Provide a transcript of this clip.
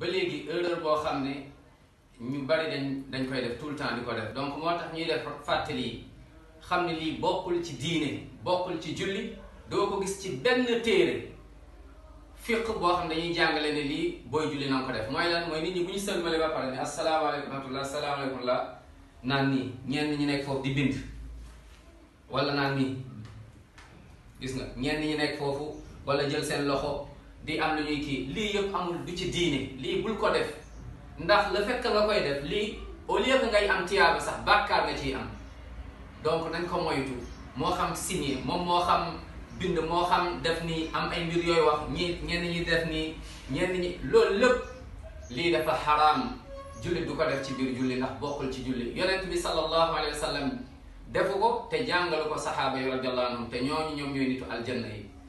ba léegi erreur boo xam ne ñu bari dañ dañ koy def tout le temps di ko def donc moo tax ñuy def fàttali yi xam ne lii bokkul ci diine bokkul ci julli doo ko gis ci benn téere fiq boo xam dañuy jàngale ne lii booy julli na ko def mooy lan mooy nit ñi bu ñu sëlmale ba pare ne asalaamaaleykum rahmatullah asalaamaaleykum la naan nii ñenn ñi nekk foofu di bind walla naan nii gis nga ñenn ñi nekk foofu walla jël seen loxo di am lu kii lii yëpp amul du ci diine lii bul ko def ndax la fait que koy def lii au lieu ngay am tiyaaba sax bàkkaar nga ciy am donc nañ ko moytu moo xam signé moom moo xam bind moo xam def nii am ay mbir yooyu wax ñi ñenn ñi def nii ñenn ñi loolu lépp lii dafa xaraam julli du ko def ci biir julli ndax bokkul ci julli yonent bi sallallahu alayhi wa defu ko te jàngalu ko saxaaba yi radiallahu anhum te ñooñu ñoom ñooy nitu aljanna yi